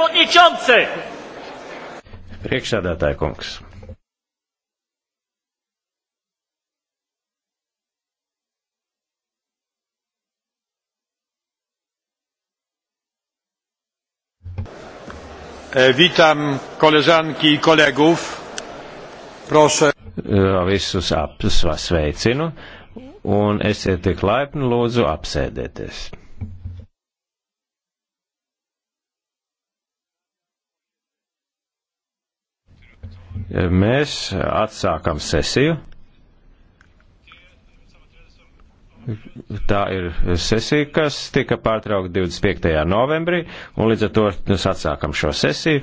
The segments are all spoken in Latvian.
przewodniczący! Priekšsēdētāja kungs. E, witam koleżanki i kolegów. Proszę. E, visus apsveicinu un esiet tik laipni lūdzu apsēdēties. Mēs atsākam sesiju. Tā ir sesija, kas tika pārtraukta 25. novembrī, un līdz ar to mēs atsākam šo sesiju,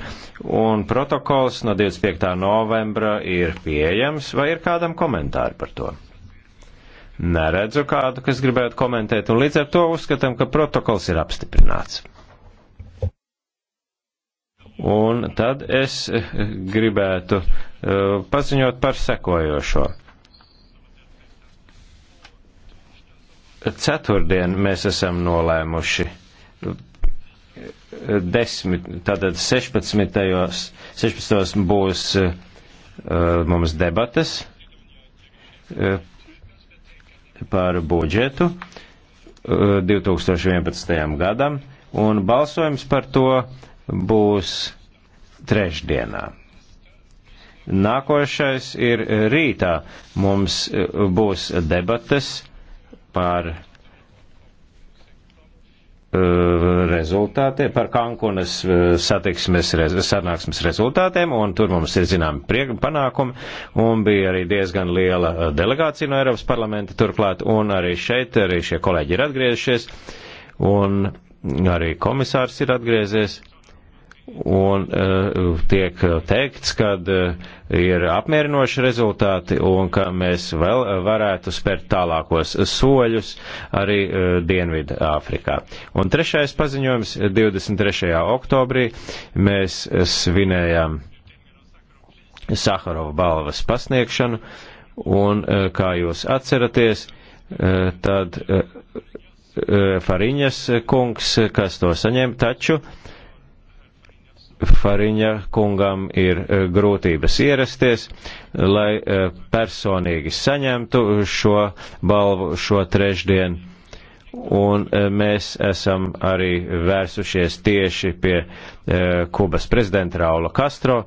un protokols no 25. novembra ir pieejams, vai ir kādam komentāri par to? Neredzu kādu, kas gribētu komentēt, un līdz ar to uzskatām, ka protokols ir apstiprināts. Un tad es eh, gribētu eh, paziņot par sekojošo. Ceturtdien mēs esam nolēmuši eh, desmit, tātad 16. 16. būs mums debates par budžetu 2011. gadam, un balsojums par to būs trešdienā. Nākošais ir rītā. Mums e, būs debates par e, rezultātiem, par Kankunas e, satiksmes sanāksmes rezultātiem, un tur mums ir zināmi panākumi, un bija arī diezgan liela delegācija no Eiropas parlamenta turklāt, un arī šeit, arī šie kolēģi ir atgriezušies, un arī komisārs ir atgriezies un uh, tiek teikts, ka uh, eh, ir apmierinoši rezultāti un ka mēs vēl varētu spērt tālākos soļus arī uh, Dienvidu Āfrikā. Un trešais paziņojums 23. oktobrī mēs svinējām Saharova balvas pasniegšanu un, uh, kā jūs atceraties, uh, tad uh, Fariņas kungs, kas to saņem, taču uh, Fariņa kungam ir eh, grūtības ierasties, lai eh, personīgi saņemtu šo balvu šo trešdienu. Un eh, mēs esam arī vērsušies tieši pie e, Kubas prezidenta Raula Castro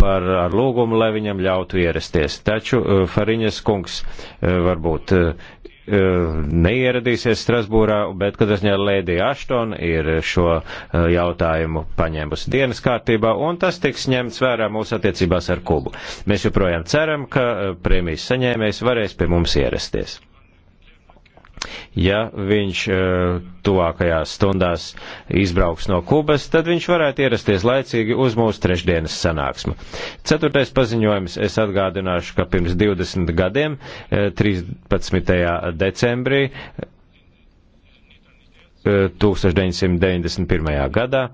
par lūgumu, lai viņam ļautu ierasties. Taču e, Fariņas kungs e, varbūt e, E, neieradīsies Strasbūrā, bet kad es ņēmu Lēdiju Aštonu, ir šo e, jautājumu paņēmusi dienas kārtībā, un tas tiks ņemts vērā mūsu attiecībās ar Kubu. Mēs joprojām ceram, ka e, prēmijas saņēmējs varēs pie mums ierasties. Ja viņš eh, tuvākajās stundās izbrauks no Kubas, tad viņš varētu ierasties laicīgi uz mūsu trešdienas sanāksmu. Ceturtais paziņojums es atgādināšu, ka pirms 20 gadiem, 13. Eh, decembrī 1991. Eh, gadā,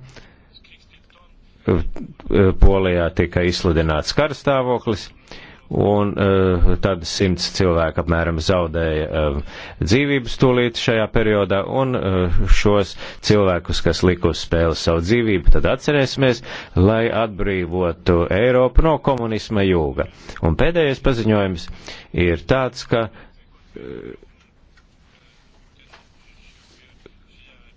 Polijā tika izsludināts karstāvoklis un uh, tad simts cilvēku apmēram zaudēja uh, dzīvības tūlīt šajā periodā, un uh, šos cilvēkus, kas lika uz spēles savu dzīvību, tad atcerēsimies, lai atbrīvotu Eiropu no komunisma jūga. Un pēdējais paziņojums ir tāds, ka uh,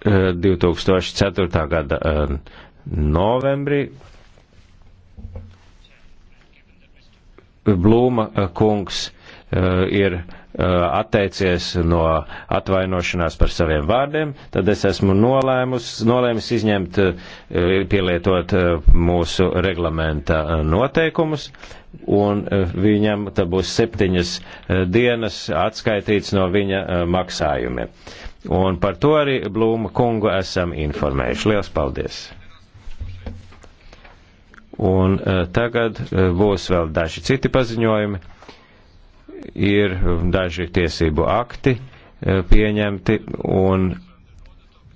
2004. gada uh, novembrī Blūma eh, kungs eh, ir eh, atteicies no atvainošanās par saviem vārdiem, tad es esmu nolēmus, nolēmis izņemt, pielietot mūsu reglamenta noteikumus, un viņam tad būs septiņas dienas atskaitīts no viņa maksājumiem. Un par to arī Blūma kungu esam informējuši. Lielas paldies! Un eh, tagad eh, būs vēl daži citi paziņojumi. Ir mm, daži tiesību akti eh, pieņemti un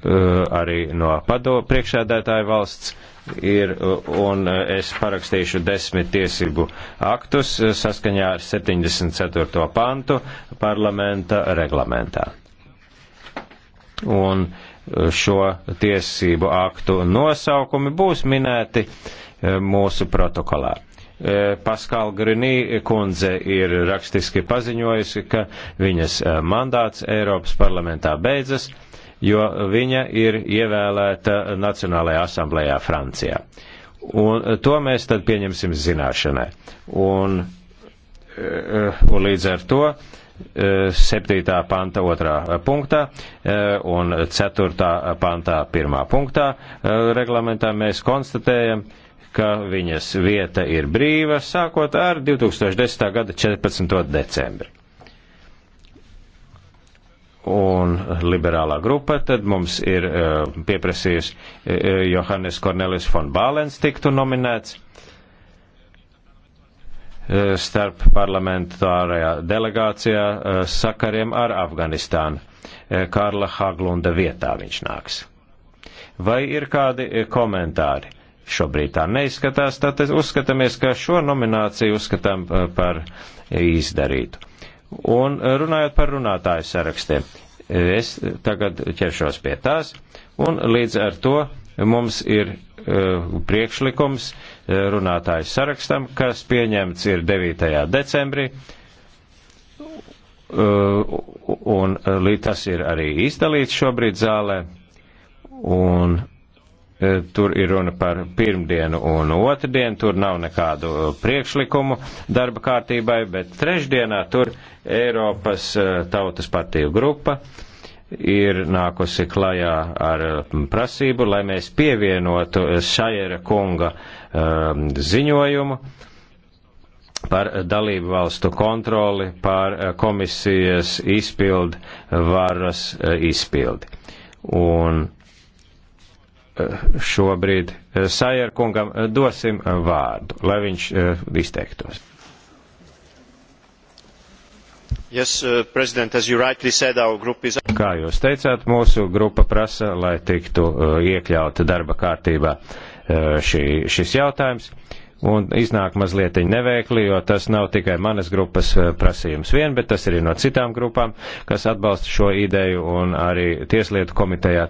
arī no pado priekšēdētāja valsts ir, un es parakstīšu desmit tiesību aktus saskaņā ar 74. pantu parlamenta reglamentā. Un šo tiesību aktu nosaukumi būs minēti uh, E, mūsu protokolā. E, Paskāla Grinī kundze ir rakstiski paziņojusi, ka viņas e, mandāts Eiropas parlamentā beidzas, jo viņa ir ievēlēta Nacionālajā asamblējā Francijā. Un to mēs tad pieņemsim zināšanai. Un, un līdz ar to 7. panta 2. punktā un 4. pantā 1. punktā reglamentā mēs konstatējam, ka viņas vieta ir brīva sākot ar 2010. gada 14. decembri. Un liberālā grupa tad mums ir uh, pieprasījusi uh, Johannes Cornelis von Bālens tiktu nominēts uh, starp parlamentārajā delegācijā uh, sakariem ar Afganistānu. Uh, Karla Haglunda vietā viņš nāks. Vai ir kādi komentāri? Šobrīd tā neizskatās, tad uzskatāmies, ka šo nomināciju uzskatām eh, par izdarītu. Un eh, runājot par runātāju sarakstiem, es tagad ķeršos pie tās, un līdz ar to mums ir eh, priekšlikums runātāju sarakstam, kas pieņemts ir 9. decembrī, un tas ir arī izdalīts šobrīd zālē, un E, tur ir runa par pirmdienu un otrdienu, tur nav nekādu priekšlikumu darba kārtībai, bet trešdienā tur Eiropas e, Tautas partiju grupa ir nākusi klajā ar prasību, lai mēs pievienotu Šajera kunga e, ziņojumu par dalību valstu kontroli pār komisijas izpildu varas izpildi. Un šobrīd Sajerkungam dosim vārdu, lai viņš e, izteiktos. Yes, uh, said, is... Kā jūs teicāt, mūsu grupa prasa, lai tiktu e, iekļauta darba kārtībā e, šī, šis jautājums. Un iznāk mazliet neveikli, jo tas nav tikai manas grupas prasījums vien, bet tas ir no citām grupām, kas atbalsta šo ideju un arī Tieslietu komitejā.